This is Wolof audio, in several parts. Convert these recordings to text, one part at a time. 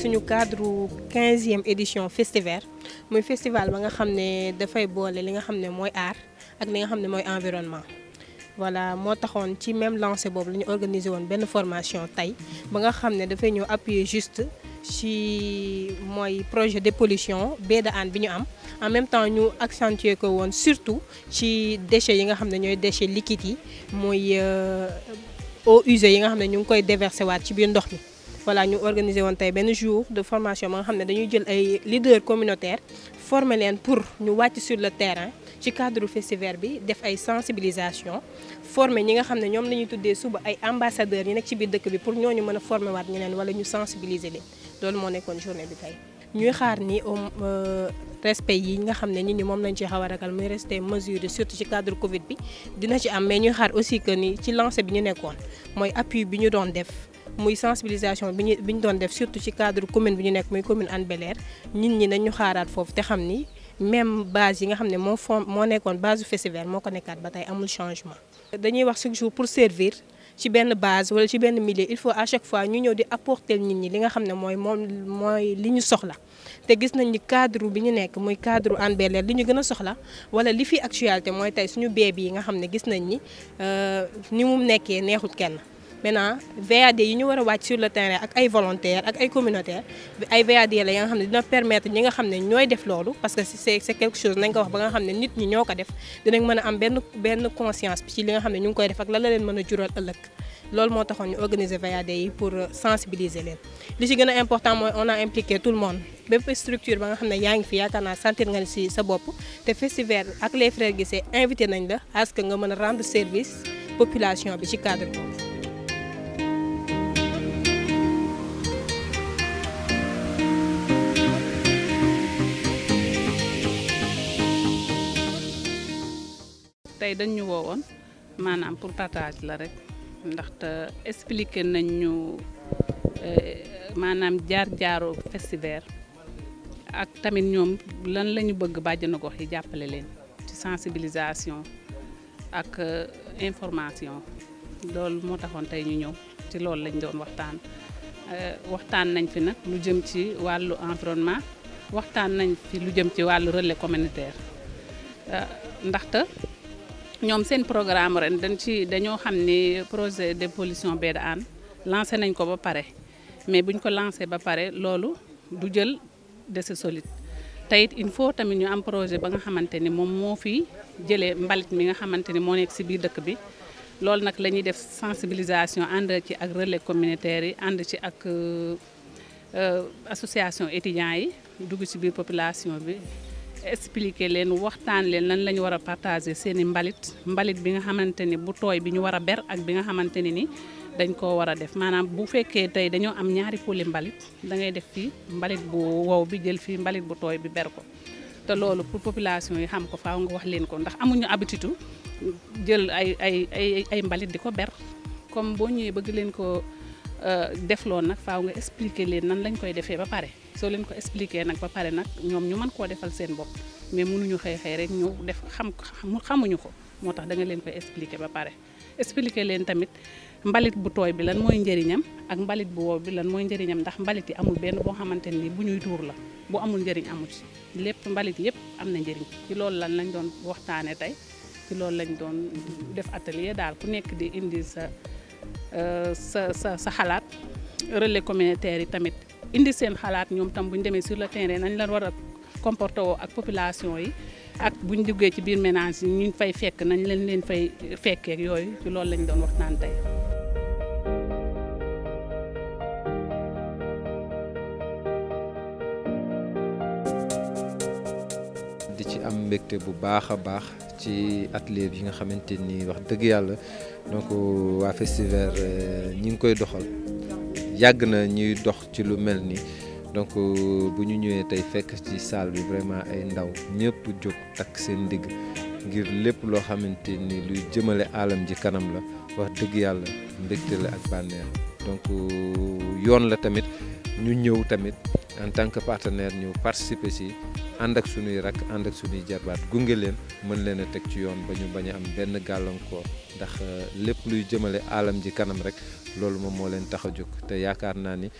suñu cadre 15e édition festival. muy festival ba nga xamné da fay bolé li nga xamné moy art ak li nga xamné moy environnement voilà mo taxone ci même lancé bobu la ñu organiser woon ben formation tay ba nga xamné da fay ñeu appuyer juste ci moy projet de pollution baie de bi ñu am en même temps ñu accentuer ko woon surtout ci déchets yi nga xamné ñoy déchets liquides yi moy euh, eau usée yi nga xamné ñu koy déverser waat ci biir ndox mi voilà ñu organiser woon tay benn jour de formation ba nga xam dañuy jël ay leaders communautaires former leen pour ñu wàcc sur le terrain ci cadre festival bi def ay sensibilisation former ñi nga xamné ñom lañuy tuddé suba ay ambassadeurs ñi nekk ci biir dëkk bi pour ñoñu mëna former waat ñeneen wala ñu sensibiliser leen loolu mo nekkoon journée bi tay ñuy xaar ni au euh, respect yi nga xamné ne ñi moom lañ ci xawa ragal muy rester mesure surtout ci cadre Covid bi dina ci am mais ñuy xaar aussi que ni ci lancer bi ñu nekkoon moy appui bi ñu doon def muy sensibilisation bi ñu doon def surtout ci cadre commune bi ñu nekk muy commune Hann bel nit ñi nañu xaaraat foofu te xam ni même base yi nga xam ne moo fond moo nekkoon base festival moo ko nekkaat ba tey amul changement. dañuy wax chaque jour pour servir ci benn base wala ci benn milieu il faut à chaque fois ñu ñëw di apporter nit ñi li nga xam ne mooy moom mooy li ñu soxla te gis nañ ni cadre bi ñu nekk muy cadre Hann Bel-Air li ñu gën a soxla wala li fi actualité mooy tey suñu beeb yi nga xam ne gis nañ ni euh, ni mu nekkee neexut kenn maintenant VAD yi ñu war a wàcc sur le terrain ak ay volontaires ak ay communautaires ay VAD la ya nga xam ne dina permettre ñi nga xam ne ñooy def loolu parce que c'est c'est quelque chose nañ ko wax ba nga xam ne nit ñi ñoo ko def dinañ mën a am benn benn conscience bi ci li nga xam ne ñu ngi koy def ak lan la leen mën a jural ëllëg loolu moo taxoon ñu organiser VAD yi pour sensibiliser leen li ci gën a important mooy on a impliqué tout le monde bépp structure ba nga xam ne yaa ngi fi yaakaar naa sentir nga ci sa bopp te festival ak les frères Guissé invité nañ la à ce que nga mën a rendre service population bi ci cadre boobu tey dañ ñu woowoon maanaam pour partage la rek ndaxte expliquer nañ ñu euh, maanaam jaar jaaro Festi'Vert ak tamit ñoom lan la ñu bëgg bàjjenu gox yi jàppale leen ci sensibilisation ak euh, information loolu moo taxoon tey ñu ñëw ci loolu lañ doon waxtaan euh, waxtaan nañ fi nag lu jëm ci wàllu environnement waxtaan nañ fi lu jëm ci wàllu relais communautaire ndaxte ñom seen programme ren dañ ci dañoo xam ni projet de pollution baie de Hann lancé nañ ko ba pare mais buñ ko lancé ba pare loolu du jël déchets solides te it il faut tamit ñu am projet ba nga xamante ni moom moo fi jëlee mbalit mi nga xamante ni moo nekk ci biir dëkk bi loolu nak la ñuy def sensibilisation ànd ci ak relais communautaire yi ànd ci ak euh, euh, association étudiant yi dugg ci biir population bi expliquer leen waxtaan leen nan la ñu war a partager seen i mbalit mbalit bi nga xamante ni bu tooy bi ñu war a ber ak bi nga xamante ne ni dañ koo war a def maanaam bu fekkee tey dañoo am ñaari poli mbalit dangay def fii mbalit bu wow bi jël fii mbalit bu tooy bi ber ko te loolu pour population yi xam ko faaw nga wax leen ko ndax amuñu habitude jël ay ay ay ay mbalit di ko ber comme boo ñëwee bëgg leen ko euh, def loon nag faaw nga expliquer leen nan lañ koy defee ba pare so leen ko expliquer nak ba pare nak ñom ñu man ko defal seen bop mais ñu xey xey rek ñu def xam xamuñu ko motax da nga leen koy expliquer ba pare expliquer leen tamit mbalit bu toy bi lan moy njëriñam ak mbalit bu wow bi lan moy njëriñam ndax mbalit yi amul benn bo xamanteni bu ñuy tour la bu amul njëriñ amu ci mbalit yépp am na njëriñ ci loolu lan lañ doon waxtaane tey ci loolu lañ doon def atelier daal ku nekk di indi sa euh, sa sa sa xalaat relais communautaire yi tamit indi seen xalaat ñoom tam bu ñu demee sur le terrain nañ la war a comporté woo ak population yi ak buñ duggee ci biir ménage yi ñu fay fekk nañ leen leen fay fekkeek yooyu ci loolu lañ doon waxtaan tey. di ci am mbégte bu baax a baax ci atelier bi nga xamante nii wax dëgg yàlla donc waa Festivert euh, ñi ngi koy doxal. yàgg na ñuy dox ci lu mel ni donc euh, bu ñu ñëwee tey fekk ci saal bi vraiment ay ndaw ñëpp jóg takk seen ndigg ngir lépp loo xamante ni luy jëmale alam ji kanam la wax dëgg yàlla mbégte la ak bànneex donc euh, yoon la tamit ñu ñëw tamit en tant que partenaire ñu participer ci and ak suñuy rakk and ak suñuy jabaat gunge leen mën leen tek ci yoon bañu baña bañ a am benn gàllankoor ndax euh, lepp luy jëmele alam ji kanam rek loolu mom mo leen te yaakar na ni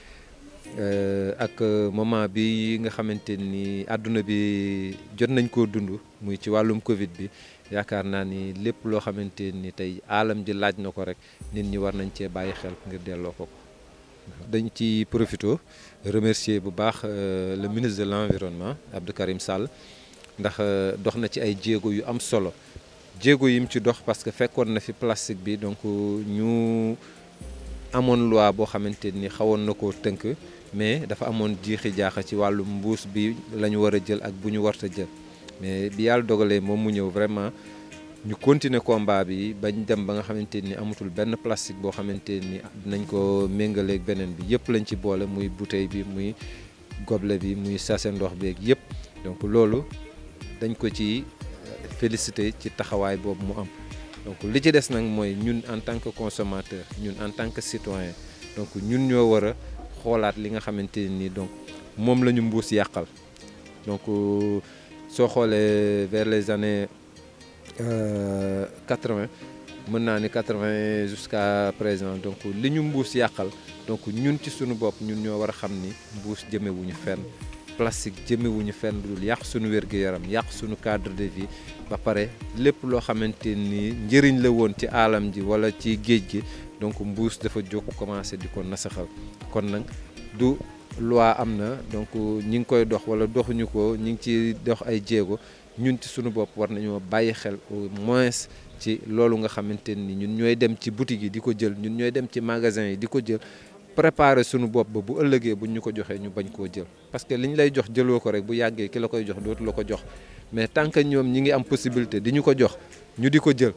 euh, ak euh, moment bi nga xamanteni ni bi jot nañ ko dundu muy ci walum covid bi yaakar na ni lepp lo xamanteni tay alam ji laaj nako rek nit ñi war nañ ci baye xel ngir delo ko dañ ci profito remercier bu baax euh, le ministre de l'environnement Abdou Karim Sall ndax euh, dox na ci ay jéego yu am solo jéego yim ci dox parce que fekkoon na fi plastique bi donc ñu amone loi bo xamanteni xawon nako teunk mais dafa amone djixi jaxa ci walu mbous bi lañu wara jël ak buñu warta jël mais bi yalla dogalé moom mu ñew vraiment ñu continuer combat bi bañ dem ba nga xamante ni amatul benn plastique boo xamante ni dinañ ko méngaleeg beneen bi yëpp lañ ci boole muy bouteille bi muy goble bi muy sachet ndox beeg yëpp donc loolu dañ ko ci euh, félicité ci taxawaay boobu mu am donc li ci des nag mooy ñun en tant que consommateur ñun en tant que citoyen donc ñun ñoo war a xoolaat li nga xamante ni donc moom la ñu mbuus yàqal donc euh, soo xoolee vers les années Euh, vingt mën naa ni 80 jusqu'à présent donc li ñu mbuus yàqal donc ñun ci suñu bopp ñun ñoo war a xam ni mbuus jëmewuñu fenn plastique jëmewuñu fenn dul yàq suñu wér-gu-yaram yàq suñu cadre de vie ba pare lépp loo xamante ni njëriñ la woon ci aalam ji wala ci géej gi donc mbuus dafa jóg commencé di ko nasaxal kon nag du loi am na donc ñi ngi koy dox wala doxuñu ko ñi ngi ci dox ay jéego ñun ci suñu bopp war nañoo bàyyi xel au moins ci loolu nga xamante ni ñun ñooy dem ci boutique yi di ko jël ñun ñooy dem ci magasin yi di ko jël préparer sunu bopp ba bu ëllëgee buñ ñu ko joxee ñu bañ koo jël parce que li ñu lay jox jëloo ko rek bu yàggee ki la koy jox dootu la ko jox mais tant que ñoom ñi ngi am possibilité di ñu ko jox ñu di ko jël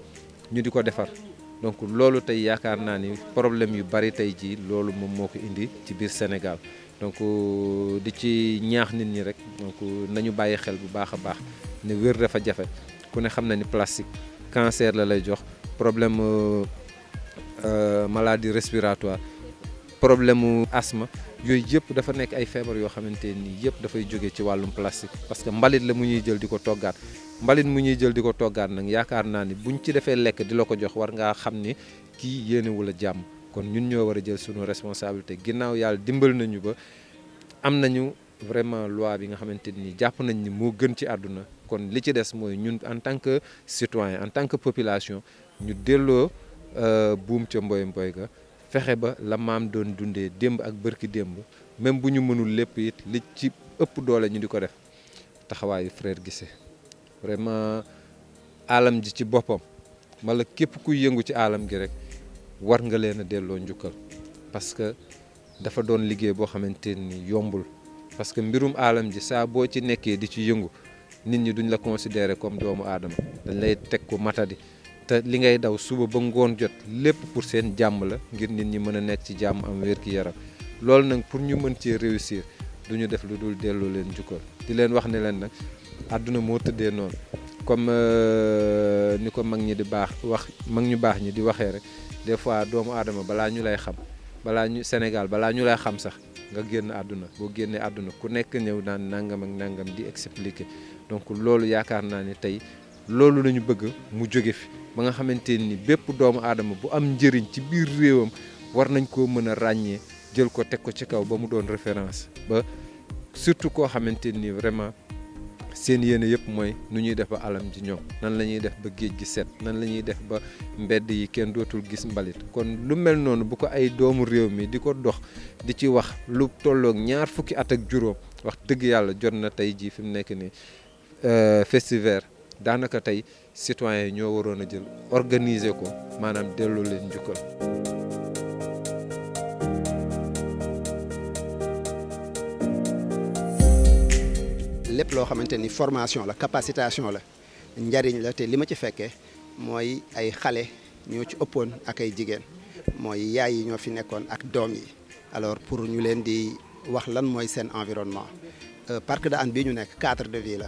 ñu di ko defar donc loolu tey yaakaar naa ni problème yu bari tey jii loolu moom moo ko indi ci biir Sénégal donc euh, di ci ñaax nit ñi rek donc euh, nañu bàyyi xel bu baax a baax ne wér dafa jafe ku ne xam na ni plastique cancer la lay jox problème euh, maladie respiratoire problème mu asthme yooyu yëpp dafa nekk ay feebar yoo xamante nii yëpp dafay jóge ci wàllum plastique parce que mbalit la mu ñuy jël di ko toggaat mbalit mu ñuy jël di ko toggaat nag yaakaar naa ni bu buñ ci defee lekk di la ko jox war ngaa xam ni kii yéenewul a jàmm kon ñun ñoo war a jël sunu responsabilité ginnaaw yàlla dimbali nañu ba am nañu vraiment loi bi nga xamante ni jàpp nañ ni moo gën ci àdduna kon li ci des mooy ñun en tant que citoyen en tant que population ñu delloo euh, buum ca mboy mboy ga fexe ba la mam doon dundee démb ak bërki démb même bu ñu mënul lépp it li ci ëpp doole ñu def taxawaayu frère Guissé vraiment alam ji ci boppam wala képp kuy yëngu ci alam gi rek war nga leen a delloo njukkal parce que dafa doon liggéey yombul parce que mbirum alam ji saa boo ci di ci yëngu nit ñi duñ la considérer comme doomu adam, dañ lay tek ko matadi te li ngay daw suba ba ngoon jot lepp pour seen jamm la ngir nit ñi mëna nekk ci jamm am wër ki yaram lool nak pour ñu mën ci réussir du def lu dul delloo leen jukkal di leen wax ne leen nak aduna mo tuddé non comme euh, ni ko mag ñi di bax wax mag ñu bax ñi di waxé rek des fois doomu aadama balaa ñu lay xam balaa ñu Sénégal balaa ñu lay xam sax nga génn aduna bo génné aduna ku nekk ñew nangam ak nangam di expliquer donc loolu yaakaar naa ne tey loolu lañu bëgg mu jóge fi ba nga xamante ni bépp doomu aadama bu am njëriñ ci biir réewam war nañ ko mën a ràññee jël ko teg ko ci kaw ba mu doon référence ba surtout koo xamante ni vraiment seen yéene yëpp mooy nu ñuy def ba alam ji ñoom nan la ñuy def ba géej gi set nan la ñuy def ba mbedd yi kenn dootul gis mbalit kon lu mel noonu bu ko ay doomu réew mi di ko dox di ci wax lu tolloog ñaar fukki at ak juróom wax dëgg yàlla jot na tey jii fi mu nekk nii Euh, Festivert daanaka tey citoyens yi ñoo waroon a jël organiser ko maanaam delloo leen njukkal. lépp loo xamante ni formation la capacitation la njariñ la te li ma ci fekkee mooy ay xale ñoo ci ëppoon ak ay jigéen mooy yaay yi ñoo fi nekkoon ak doom yi alors pour ñu leen di wax lan mooy seen environnement euh, parc de Hann bii ñu nekk cadre de vie la.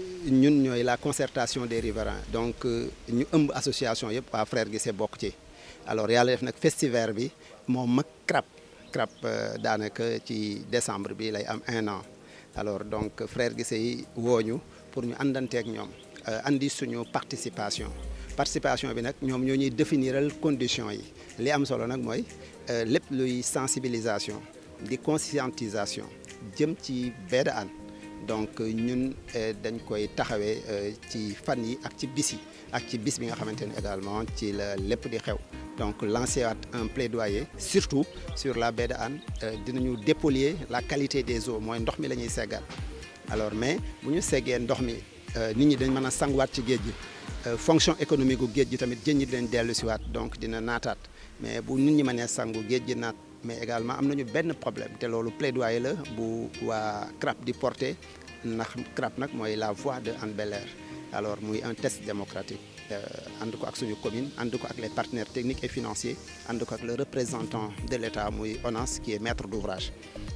Nous ñooy la concertation des riverains donc euh, ñu une association yëpp frère Guissé s'est ci alors y def nag festivaire bi moo crap crap dans euh, daanaka ci décembre bi lay am un an alors donc frère Guissé yi wooñu pour nous, ñu avec nous euh, andi suñu participation participation bi nag ñoom ñoo ñuy définiral conditions yi li am solo nag moy sensibilisation de conscientisation jëm ci baie de donc ñun eh, dañ koy taxawé eh, ci fan yi ak ci bis yi ak ci bis bi nga xamante également ci la di xew donc lancer un plaidoyer surtout sur la baie de Hann eh, dinañu dépolier la qualité des eaux moy ndox mi lañuy ségal alors mais bu ñu seggee ndox mi nit ñi dañ mëna a ci géej gi fonction économique gu ji tamit jën ñi leen déllu ci wat donc dina natat mais bu nit ñi mëna sangu géej ji nat mais également am nañu benn problème te loolu plaidoyer la bu waa CRAP di porté ndax CRAP nag mooy la voix de Hann alors muy un test démocratique euh, ànd ko ak suñu commune ànd ko ak les partenaires techniques et financiers ànd ko ak le représentant de l'État muy ONAS qui est maître d'ouvrage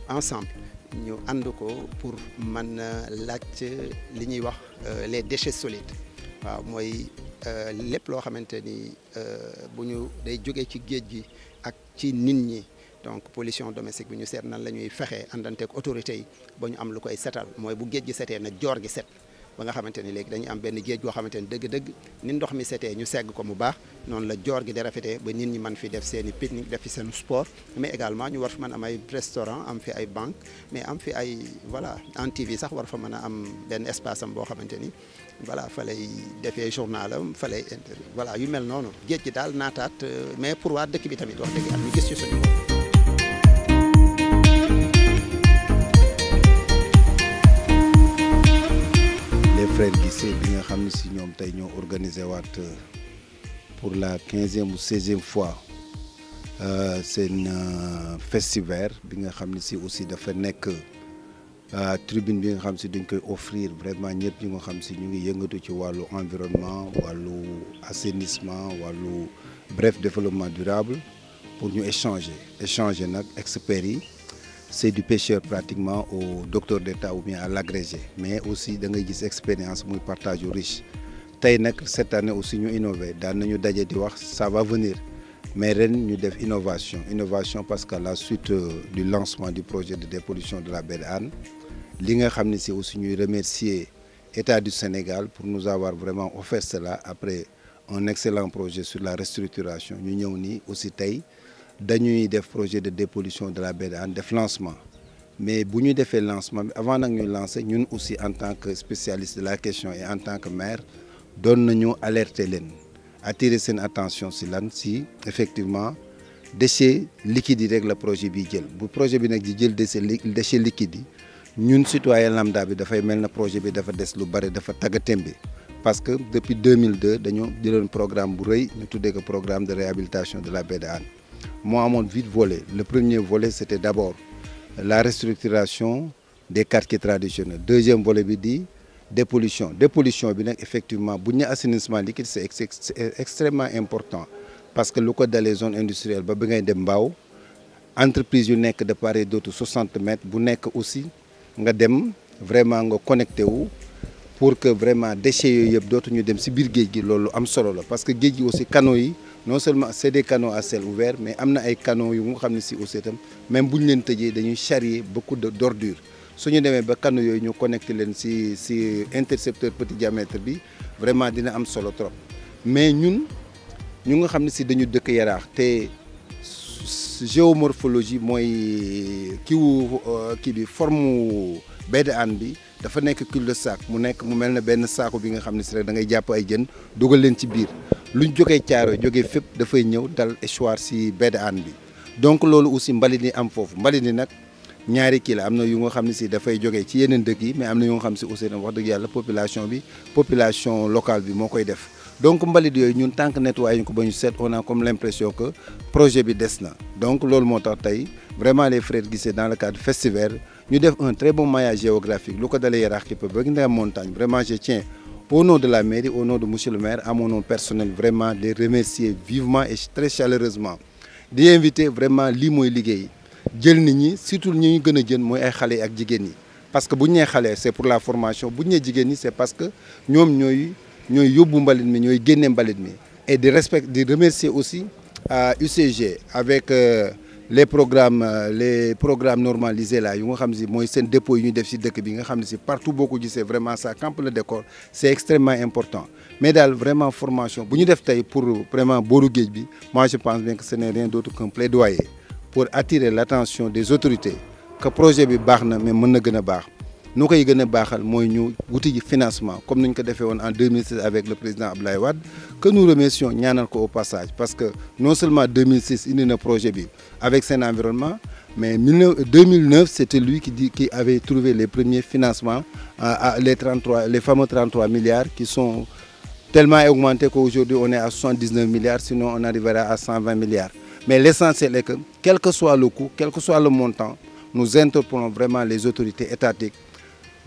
ensemble ñu ànd ko pour mën a laaj li ñuy wax euh, les déchets solides waaw mooy euh, lépp loo xamante ni bu ñu day jógee ci géej gi ak ci nit ñi donc pollution domestique bi ñu sét nan lañuy fexé fexe ak autorité yi ba ñu am lu koy sétal moy bu géej gi sété nag jor gi sét ba nga xamanteni légui dañuy am benn géej go xamanteni ni dëgg-dëgg ni ndox mi sété ñu ségg ko mu baax non la jor gi di rafété ba nit ñi man fi def seen pique-nique def fi seen sport mais également ñu war fa mën am ay restaurant am fi ay banque mais am fi ay voilà en TV sax war fa mën am benn espace am bo xamanteni voilà fa défé defee journal am voilà yu mel noonu géej gi dal naataat euh, mais pour waa dëkk bi tamit wax dëgg am ñu gis ci suñu frère Gissé, nous avons organisé euh, pour la 15e ou 16e fois. Euh, C'est un euh, festival, bien ramené aussi de faire que euh, la tribune, offrir vraiment n'est plus nous l'environnement, l'assainissement, le bref développement durable pour nous échanger, échanger notre expérience c'est du pêcheur pratiquement au docteur d'état ou bien à l'agrégé mais aussi da ngay gis expérience muy partage riche cette année aussi ñu innové Nous nañu dit di ça va venir mais nous ñu def innovation innovation parce que la suite euh, du lancement du projet de dépollution de la Belle Anne, li nga aussi remercier État du Sénégal pour nous avoir vraiment offert cela après un excellent projet sur la restructuration Nous l'Union aussi tey dañuy def projet de dépollution de la baie de lancement mais lancement avant de lancer nous aussi en tant que spécialiste de la question et en tant que maire nous nañu alerter len attirer son attention si lan si effectivement déchets liquides avec le projet bi jël projet bi nak di jël déchets liquides ñun citoyen lambda bi projet de dafa des lu bari parce que depuis 2002 nous avons programme bu programme de réhabilitation de la baie de moi mon vite volets le premier volet c'était d'abord la restructuration des quartiers traditionnels deuxième volet c'est la dépollution dépollution bi effectivement assainissement extrêmement important parce que le les zones les zones ba bi ngay entreprise de part et d'autre 60 mètres bu aussi vraiment connecté pour que vraiment déchets soient yëpp ñu dem parce que les aussi canaux non seulement c'est des canaux à ciel ouvert mais amna ay canaux yu nga xam ne si même bu ñu leen tëjee dañuy charrier beaucoup de d'ordures su ñu demee ba canaux yoy ñu connecté len ci ci intercepteur petit diamètre bi vraiment dina am solo trop mais ñun ñu nga xam ne si dañu dëkk yaraax té géomorphologie mooy kiwu euh, ki bi forme baie de bi dafa nek cul-de-sac mu nek mu melne ben benn bi nga xam ne si rek da ngay japp ay jën dugal len ci biir nous avons des jógee de dal échoir si donc loolu aussi am qui kila mais na yu population bi population locale bi donc yoy ñun tank que on a comme l'impression que projet bi des donc loolu qui vraiment les frères c'est dans le cadre festival nous def un très bon maillage géographique Loko qui est la hiérarchie, Montagne vraiment je tiens au nom de la mairie, au nom de monsieur le maire, à mon nom personnel, vraiment de remercier vivement et très chaleureusement D'y inviter vraiment lii et liggéey nit ñi surtout ñi ñu gën a jën ay xale ak jigéen parce que bu ñu c'est pour la formation bu ñu jeunes, c'est parce que ñoom ñooy ñooy yóbbu mbalit mi ñooy génne et de respect de remercier aussi à UCG avec. Euh, les programmes euh, les programmes normalisés là yu nga xam si moy sen dépôt yu def ci dëkk bi nga xam si partout boo ko c'est vraiment ça camp le décor c'est extrêmement important mais dal vraiment formation bu ñu def tay pour vraiment booru geej bi moi je pense bien que ce n'est rien d'autre qu'un plaidoyer pour attirer l'attention des autorités que projet bi baxna mais mëna gëna bax nous avons financement comme nous avons fait en 2006 avec le président Abdoulaye Wade que nous remercions ñaanal au passage parce que non seulement 2006 il indi un projet avec son environnement mais 2009 c'était lui qui avait trouvé les premiers financements les 33 les fameux 33 milliards qui sont tellement augmentés qu'aujourd'hui on est à 79 milliards sinon on arrivera à 120 milliards mais l'essentiel est que quel que soit le coût quel que soit le montant nous interpellons vraiment les autorités étatiques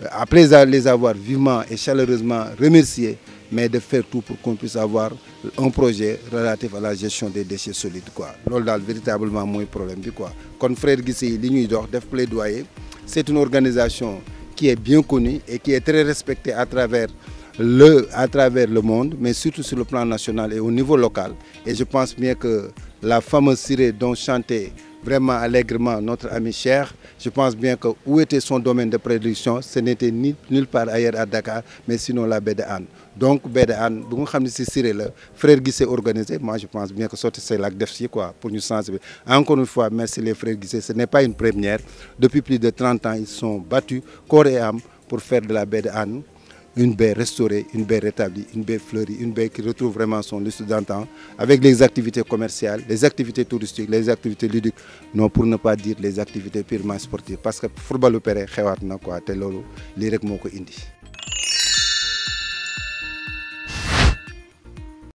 euh, après les avoir vivement et chaleureusement remerciés, mais de faire tout pour qu'on puisse avoir un projet relatif à la gestion des déchets solides quoi véritablement mon problème bi quoi Comme frère plaidoyer c'est une organisation qui est bien connue et qui est très respectée à travers le à travers le monde mais surtout sur le plan national et au niveau local et je pense bien que la fameuse sirée dont chantait vraiment allègrement notre ami cher. Je pense bien que où était son domaine de production ce n'était nulle part ailleurs à Dakar, mais sinon la baie de Donc baie de Anne, bu nga frère Guissé organisé moi je pense bien que c'est la l'acte def pour nous sensibiliser. Encore une fois merci les frères Guissé ce n'est pas une première depuis plus de 30 ans ils sont battus corps et âme pour faire de la baie une baie restaurée, une baie rétablie, une baie fleurie, une baie qui retrouve vraiment son lustre d'antan, avec les activités commerciales, les activités touristiques, les activités ludiques, non pour ne pas dire les activités purement sportives, parce que football opéré, c'est ce que je